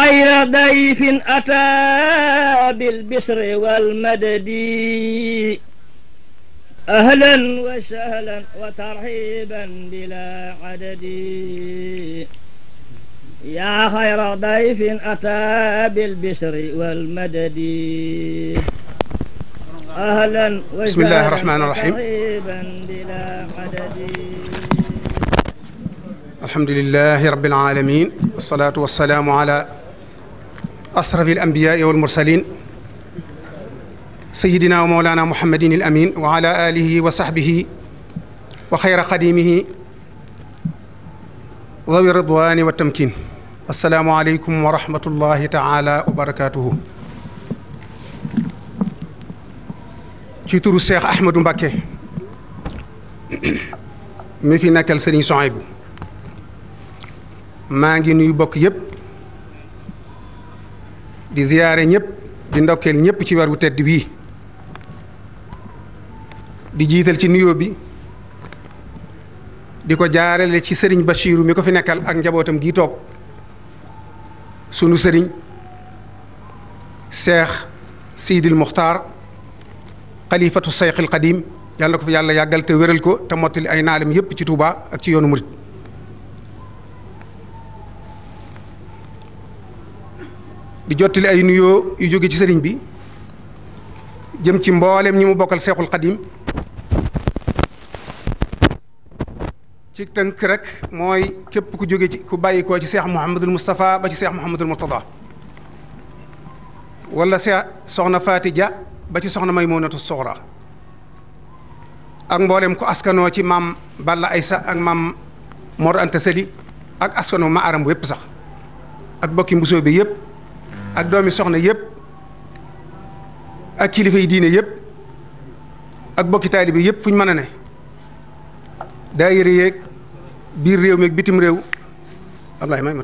خير ضيف أتى بالبسر والمدد أهلا وسهلا وترحيبا بلا عدد يا خير ضيف أتى بالبشر والمدد أهلا بسم الله الرحمن الرحيم الحمد لله رب العالمين والصلاة والسلام على asrafi alambiyaai walmursalin sayidina wa mawlana muhammadin al amin wa ala alihi wa sahbihi wa xayra qadimihi dawi ridwani wa tamkin assalaamu aleykum wa rahmatullahi taala wa barakatuhu ci turu Cheikh Ahmadou Mbacké mi fi nekkal Serigne Souhaïbou maa ngi nuyu bokk yépp di ziyaare ñëpp di ndokkeel ñëpp ci weer wu tedd wii di jiital ci nuyoo bi di ko jaarale ci sëriñ Bachiru mi ko fi nekkal ak njabootam gii toog sunu sëriñ seex Sidil Muxtaar xalifatu Seyxil Xadim yàlla na ko fi yàlla yàggal te wéral ko te mottali ay naalam yëpp ci Touba ak ci yoonu Murit. di jottali ay nuyoo yu jóge ci sëriñ bi jëm ci mboolem ñi mu bokkal seexul xadim ci tënk rek mooy képp ku jóge ci ku bàyyi koo ci seex Muhammadul Moustapha ba ci seex Muhammadul Murtada wala seex soxna Faati Ja ba ci soxna may Maymunatu Soxra ak mboolem ku askanoo ci maam Balla Aysa ak maam Mor Anta Sali ak askanoo ma aram yépp sax ak bokki mbusoo bi yépp ak doomi soxna yépp ak kilifa yi diine yépp ak bokki taalibe yëpp fu ñu mën a ne daayira yeeg biir réew mi ak bitim réew Ablaye may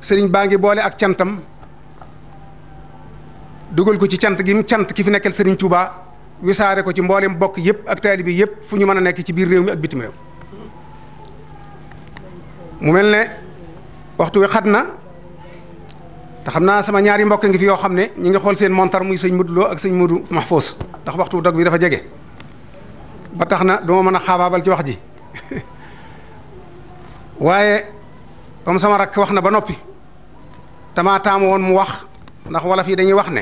sëriñ baa ngi boole ak cantam dugal ko ci cant gi mu cant ki fi nekkal sëriñ tubaa wisaare ko ci mboole bokk yëpp ak taalibe yëpp fu ñu mën a nekk ci biir réew mi ak bitim réew mu mel ne waxtu wi xat na te xam naa sama ñaari mbokk ngi fi yoo xam ne ñi ngi xool seen montar muy sëñ Modou Lo ak sëñ Modou Mahfous ndax waxtu dog bi dafa jege ba tax na duma mën a xaabaabal ci wax ji waaye comme sama rakk wax na ba noppi dama woon mu wax ndax wala fii dañuy wax ne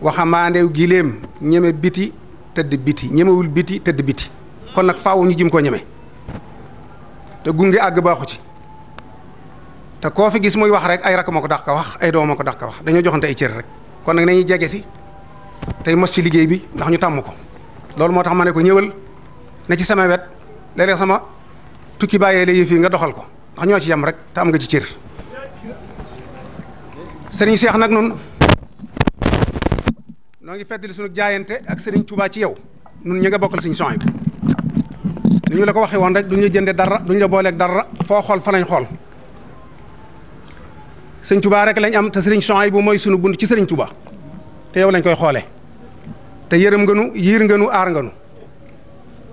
waxambaandew giléem ñeme biti tëdd biti ñemewul biti tëdd biti kon nag faaw ñu jim ko ñeme te gunge àgg baaxu ci te koo fi gis muy wax rek ay rakk ko dax ka wax ay doom ma ko dax ka wax dañoo joxante ay cër rek kon nag nañuy jege si tey mos ci liggéey bi ndax ñu tàmm ko loolu moo tax ma ne ko ñëwal ne ci sama wet léeg sama tukki bàyyee la yëf nga doxal ko ndax ñoo ci yem rek tam nga ci cër sëriñ Seex nag nun noo ngi feddali suñu jaayante ak sëriñ Tuubaa ci yow nun ñu nga bokkal suñu son bi ni ñu la ko waxee woon rek du la jënde dara duñu la booleeg dara foo xool fa lañ xool sëñ Touba rek lañ am te sëriñ Souhaïbou mooy sunu bunt ci sëriñ Touba te yow lañ koy xoolee te yërëm nga nu yiir nga nu aar nga nu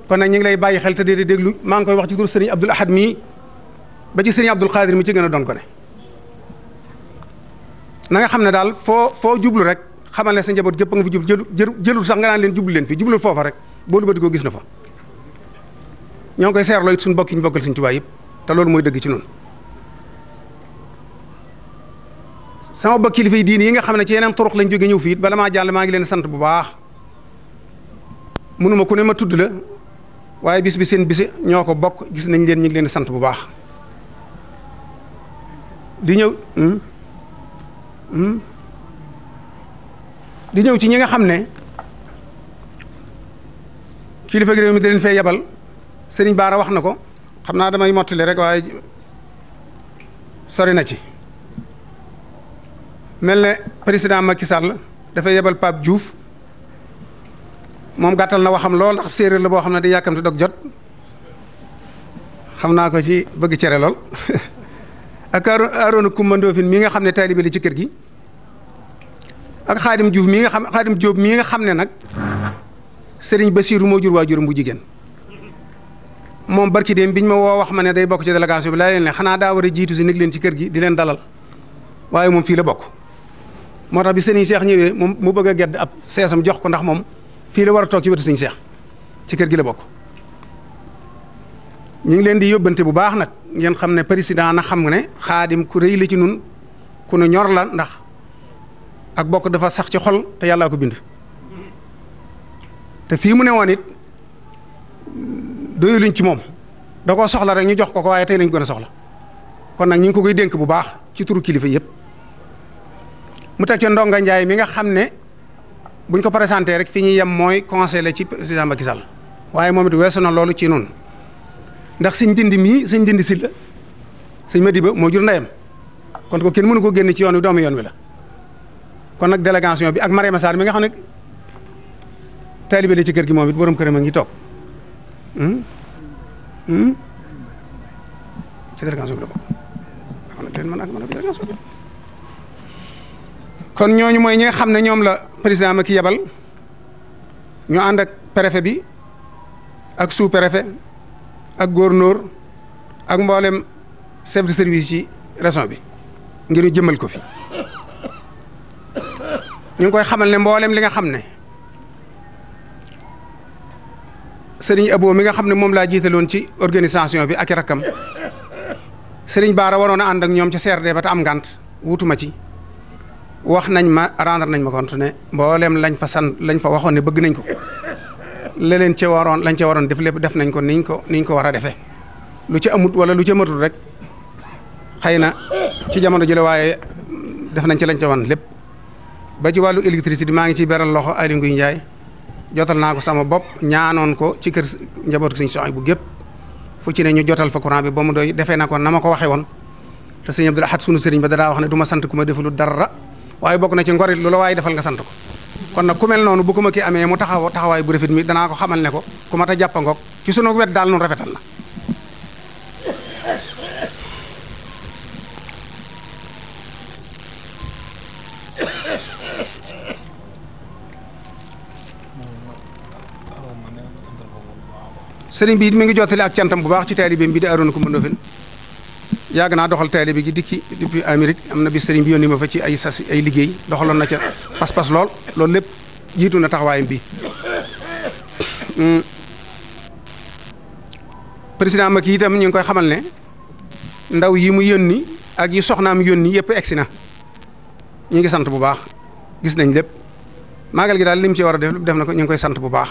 kon nag ñu ngi lay bàyyi xel te di déglu maa ngi koy wax ci tur sëriñ Abdoul Ahad mii ba ci sëriñ Abdoul Khadir a doon ne na xam ne daal foo foo jublu rek xamal ne sa njaboot gépp nga fi jublu jëlu jëlul sax nga naan leen jublu leen fi jublu foofa rek boo lu bati ko gis na fa ñoo ngi koy seerloo it suñu bokk yi ñu bokkal sëriñ yëpp te loolu mooy dëgg ci noonu sama ba kilifa yi diini yi nga xam ne ci yeneen turux lañ jóge ñëw fii bala maa jàll maa ngi leen sant bu baax mënuma ku ne ma tudd la waaye bis bi seen bisi ñoo ko bokk gis nañ leen ñu ngi leen sant bu baax di ñëw hmm? Hmm? di ñëw ci ñi nga xam ne kilifa gi réew mi da leen fee yebal sëriñ Baara wax na ko xam naa damay mottali rek waaye sori na ci mel ne président Macky la dafay yebal Pape juuf moom gàttal na waxam lool ndax séeréer la boo xam ne di yàkkamte dog jot xam naa ko ci bëgg cere lool ak Arouna Coumba Ndofine mii nga xam ne taalibe li ci kër gi ak Xaadim Diouf mii nga xam Xaadim Diop mii nga xam ne nag Serigne Bassirou moo jur waajuram bu jigéen moom barki dem biñ ma woo wax ma ne day bokk ci délégation bi laa leen xanaa daa war a jiitu si nekk leen ci kër gi di leen dalal waaye moom fii la bokk. moo tax bi sëriñ Cheikh ñëwee moom mu bëgg a gedd ab seesam jox ko ndax moom fii la war a toog ci wetu sëriñ Cheikh ci kër gi la bokk. ñu ngi leen di yóbbante bu baax nag ngeen xam ne président na xam ne xaadim ku rëy la ci nun ku nu ñor la ndax ak bokk dafa sax ci xol te yàllaa ko bind. te fii mu ne woon it doyu luñ ci moom da koo soxla rek ñu jox ko ko waaye tey lañ gën a soxla kon nag ñu ngi ko koy dénk bu baax ci turu kilifa yëpp. mu teg ca Ndonga Ndiaye mi nga xam ne buñ ko présenté rek fi ñuy yem mooy la ci président Macky Sall waaye moom it weesu na loolu ci noonu ndax sëñ dindi mii sëñ dindi si la sëñ Madiba moo jur ndeyam kon ko kenn mënu ko génn ci yoon wi doomu yoon wi la kon nag délégation bi ak Mariama Sarr mi nga xam ne taalibe la ci kër gi moom it borom këram a ngi toog hmm? Hmm? ci kon ñooñu mooy ñi nga xam ne ñoom la président Macky yebal ñu ànd ak préfet bi ak sous préfet ak gouverneur ak mboolem chef de service ci région bi ngir ñu jëmmal ko fi ñu ngi koy xamal ne mboolem li nga xam ne sëriñ Abo mi nga xam ne moom laa jiitaloon ci organisation bi ak i rakkam sëriñ Baara waroon a ànd ak ñoom ca CRD ba te am ngant wutuma ci. wax nañ ma rendre nañ ma compte ne mboolem lañ fa san lañ fa waxoon ne bëgg nañ ko la leen ci waroon lañ ci waroon def lépp def nañ ko niñ ko niñ ko war a defee lu ci amut wala lu ci matul rek xëy na ci jamono jële waaye def nañ ci lañ ci wan lépp ba ci wàllu électricité maa ngi ciy beral loxo Aliou Nguy Ndiaye jotal naa ko sama bopp ñaanoon ko ci kër njabootu Sëñ Sohaybu bu gépp fu ci ne ñu jotal fa courant bi ba mu doy defee na ko na ma ko waxe woon te sëñ Abdul Ahad sunu sëriñ ba dadaa wax ne du ma sant ku ma defulu dara waaye bokk na ci ngorit lu la waaye defal nga sant ko kon nag ku mel noonu bu ko ma ki amee mu taxaw taxawaay bu rafet mi danaa ko xamal ne ko ku mat a jàppa ngoog ci sunu wet daal nun rafetal na sëriñ bi it mi ngi jottali ak cantam bu baax ci taalibeem bi di Arouna Coumba Ndoffène yàgg naa doxal bi gi dikki depuis Amérique am na bi sëriñ bi yónni ma fa ci ay sas ay liggéey doxaloon na ca pas-pas lool loolu lépp jiitu na taxawaayam bi hmm. président Macky itam ñu ngi koy xamal ne ndaw yi mu yónni ak yi soxnaam yónni yëpp egsi na ñu ngi sant bu baax gis nañ lépp maagal gi daal li mu ci war a def def na ko ñu ngi koy sant bu baax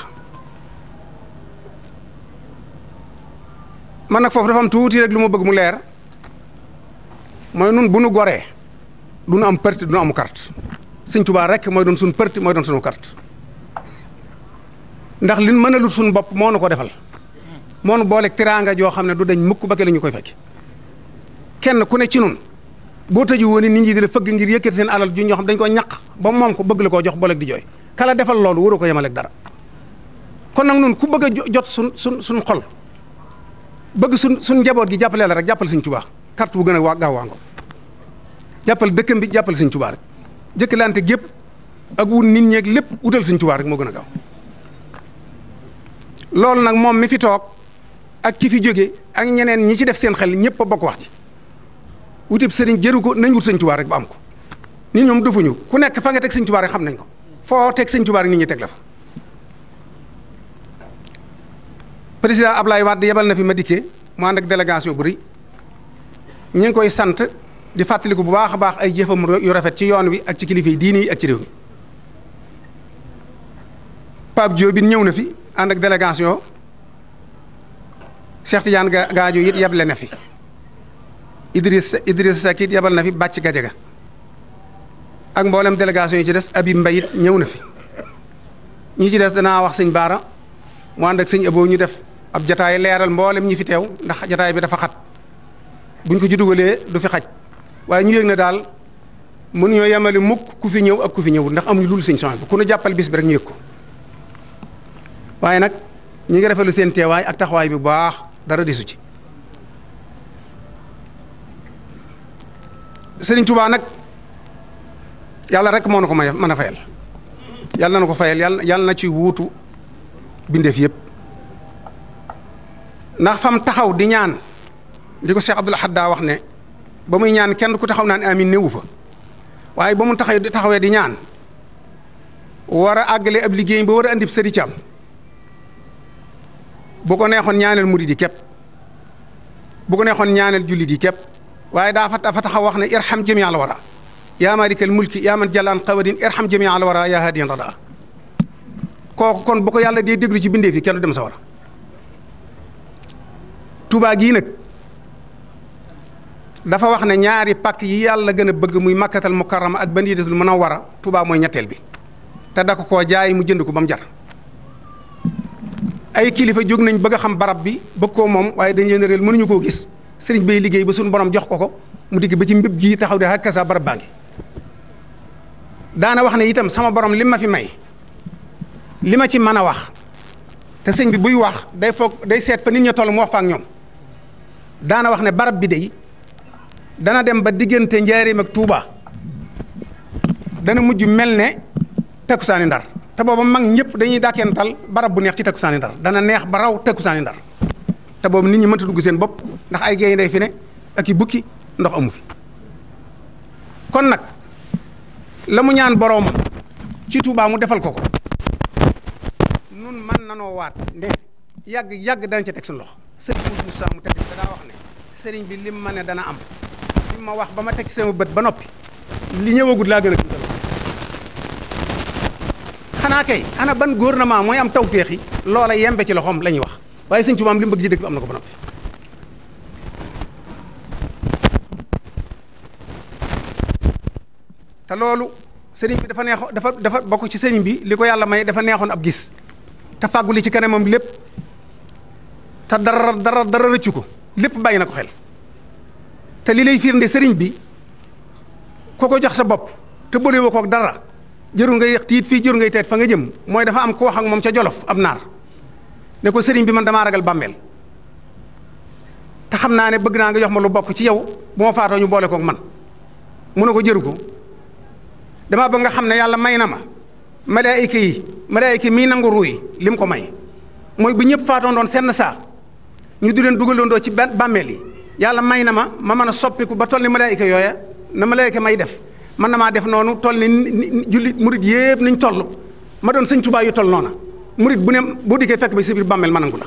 man nag foofu dafa am tuuti rek lu mu bëgg mu leer mooy nun bu nu goree du nu am perte du nu am carte Sëñ Tuubaa rek mooy doon suñu perte mooy doon sunu kart ndax li nu mën a lut suñu bopp moo nu ko defal moo nu booleeg tiraanga joo xam ne du dañ mukk ba ke la koy fekk kenn ku ne ci nun boo tëju woon nit ñi di la fëgg ngir yëkkati seen alal ju ñoo xam dañ ko ñaq ba moom ko bëgg la koo jox booleeg di jooy kala defal loolu waroo ko yemaleeg dara kon nag nun ku bëgg a jot suñ suñ suñ xol bëgg suñ suñ njaboot gi jàppale rek jàppal Sëñ Tuubaa carte bu gën a waa gaaw waa ngo jàppal dëkkan bi jàppal Sëñ Tuubaa rek jëkkalante gépp ak wut nit ñeeg lépp wutal Sëñ Tuubaa rek moo gën a gaaw loolu nag moom mi fi toog ak ki fi jóge ak ñeneen ñi ci def seen xel ñëpp a bokk wax ji wutib sëriñ jëru ko nañ wut Sëñ Tuubaa rek ba am ko nit ñoom defuñu ku nekk fa nga teg sañ Tuubaa rek xam nañ ko foo teg Sëñ Tuubaa rek nit ñi teg la fa président Ablaye Wade yebal na fi ma dikkee mu ànd ak délégation bu rëy ñu ngi koy sant di fàttaliku bu baax a baax ay jëfam yu rafet ci yoon wi ak ci kilifa yi diini yi ak ci réew mi Pape Diop bi ñëw na fi ànd ak délégation Cheikh Tidiane Gadio it yable na fi Idriss Idriss Seck it yabal na fi bàcc Gajaga ak mboolem délégation yi ci des Abi mbay it ñëw na fi ñi ci des danaa wax sëñ Baara mu ànd ak sëñ Abo ñu def ab jataay leeral mboolem ñi fi teew ndax jataay bi dafa xat. buñ ko ci dugalee du fi xaj waaye ñu yëg na daal ñoo yemali mukk ku fi ñëw ak ku fi ñëwul ndax amuñu lul sëñ Sohaybu bu ku nu jàppal bis bi rek ñu yëg ko waaye nag ñu ngi rafetlu seen teewaay ak taxawaay bi bu baax dara desu ci sëriñ tubaa nag yàlla rek moo na ko may mën a fayal yàlla na ko fayal yàlla yàlla na ci wuutu bindeef yëpp ndax fam taxaw di ñaan li ko Cheikh Abdoul Ahad daa wax ne ba muy ñaan kenn du ko taxaw naan amin néewu fa waaye ba mu taxaw taxawee di ñaan war a àggale ab liggéey ba war a andib sëri cam bu ko neexoon ñaaneel murid yi képp bu neexoon ñaaneel jullit yi képp waaye daa fa taxaw wax ne irham jamii al wara yaa malikal mulki yaa man jallaan qawadin irham jamii al wara yaa haadiyan rada kooku kon bu ko yàlla dee déglu ci bindee fi kenn dem sa wara Tuubaa gii nag dafa wax ne ñaari pàkk yi yàlla gën a bëgg muy makkatal mukarrama ak bandidatul munawwara Tuubaa mooy ñetteel bi te da koo jaay mu jënd ko ba mu jar ay kilifa jóg nañ bëgg a xam barab bi bëgg koo moom waaye dañ leen a mënuñu koo gis sëriñ bay liggéey ba suñu borom jox ko ko mu digg ba ci mbéb gii taxaw di hakasa barab baa ngi daana wax ne itam sama borom li ma fi may li ma ci mën a wax te sëñ bi buy wax day foog day seet fa nit ña toll mu ak ñoom daana wax ne barab bi day dana dem ba diggante njaareem ak Touba dana mujj mel ne takkusaani ndar te booba mag ñëpp dañuy dàkkental barab bu neex ci takkusaani ndar dana neex ba raw takkusaani ndar te boobu nit ñi mënta dugg seen bopp ndax ay gaynde fi ne ak i bukki ndox amu fi kon nag la mu ñaan boroomam ci Touba mu defal ko ko nun mën nanoo waat nde yàgg yàgg dana ca teg suñu loxo sëriñ bi daa wax ne sëriñ bi lim ma ne dana am ma wax ba ma teg sama bët ba noppi li ñëwagut laa gën a tuutal xanaa kay ana ban gouvernement mooy am tawféex yi loola yembe ci loxoom la ñuy wax waaye Sëñ Tuubaa am li mu bëgg ci dëkk bi am na ko ba noppi. te loolu sëriñ bi dafa neexoon dafa dafa bokk ci sëriñ bi li ko yàlla may dafa neexoon ab gis te fàggul ci kanamam lépp te dara dara dara rëccu ko lépp bàyyi na ko xel. te li lay firnde sëriñ bi ko ko jox sa bopp te bële woo dara jëru ngay yëq tiit fii jëru ngay teet fa nga jëm mooy dafa am koo xam moom ca jolof am naar ne ko sëriñ bi man damaa ragal bàmmeel te xam naa ne bëgg naa nga jox ma lu bokk ci yow bu ma faatoo ñu boole koog man mu ne ko jëru ko dama bëgg nga xam ne yàlla may na ma malaayika yi malaayika mii nangu ruuy lim ko may mooy bu ñëpp faatoon doon senn saa ñu du leen dugaloon doo ci benn bàmmeel yi. yàlla may na ma ma mën a soppiku ba toll ni malaayika yooya na malaayika may def man na maa def noonu toll ni jullit murit yëpp nañ toll ma doon sëñ Tuubaa yu toll noona murit bu ne boo dikkee fekk bi si biir bàmmeel manangu la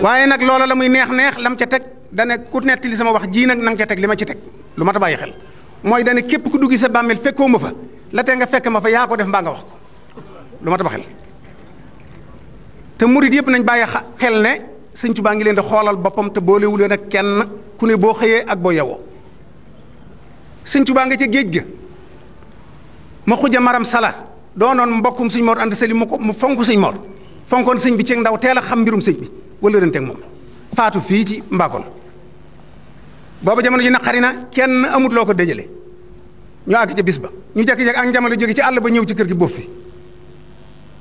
waaye nag loola la muy neex neex lam ca teg dane ku netti li sama wax jii nag nang ca teg li ma ci teg lu ma ta bàyyi xel mooy dane képp ku duggi sa bàmmeel fekkoo ma fa la tee nga fekk ma fa yaa ko def mbaa nga wax ko lu ma yëpp nañ bàyyi xel ne sëñ baa ngi leen di xoolal boppam te boolewu leen ak kenn ku ne boo xëyee ak boo yewoo sëñ baa nga ca géej ga ma xuja maram sala doonoon mbokkum sëñ Mor Anta Sali mu ko mu fonk sëñ Mor fonkoon sëñ bi ci ndaw teel a xam mbirum sëñ bi wala leen teg moom faatu fii ci Mbakol booba jamono ji naqari na kenn amut loo ko dajale ñu àgg ca bis ba ñu jekki-jekki ak jamono jóge ci àll ba ñëw ci kër gi boof fi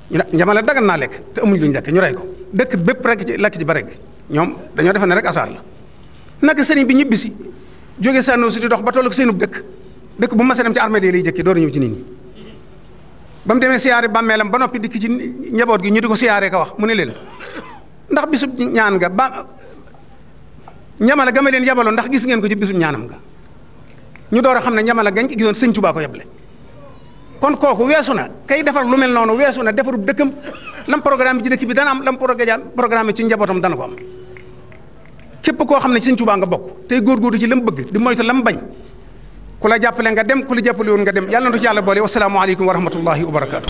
njamale dagan naa lekk te amuñ luñ lekk ñu rey ko dëkk bépp rek lekk ci ba rek ñoom dañoo defe ne rek asaar la naka sëriñ bi ñibbisi jóge sànnoo si dox ba tollu seenub dëkk dëkk bu mas a dem ci armée yi lay jëkki ñëw ci nit ba mu demee siyaare bàmmeelam ba noppi dikk ci njaboot gi ñu di ko siyaaree ko wax mu ne leen ndax bisub ñaan nga ba ñamala ga ma leen ndax gis ngeen ko ci bisub ñaanam nga ñu door a xam ne ñamala gañ gisoon sëñ Tuubaa ko yeble kon kooku weesu na kay defar lu mel noonu weesu na defaru dëkkam lam programme ci dëkk bi dana am lam programme ci njabootam dana ko am képp koo xam ne ci Sëñ Tuubaa nga bokk tey góorgóorlu ci lam bëgg di moytu lam bañ ku la jàppale nga dem ku la jàppale woon nga dem yàlla na ci yàlla boole wassalaamu aleykum wa rahmatullahi wa barakaatu.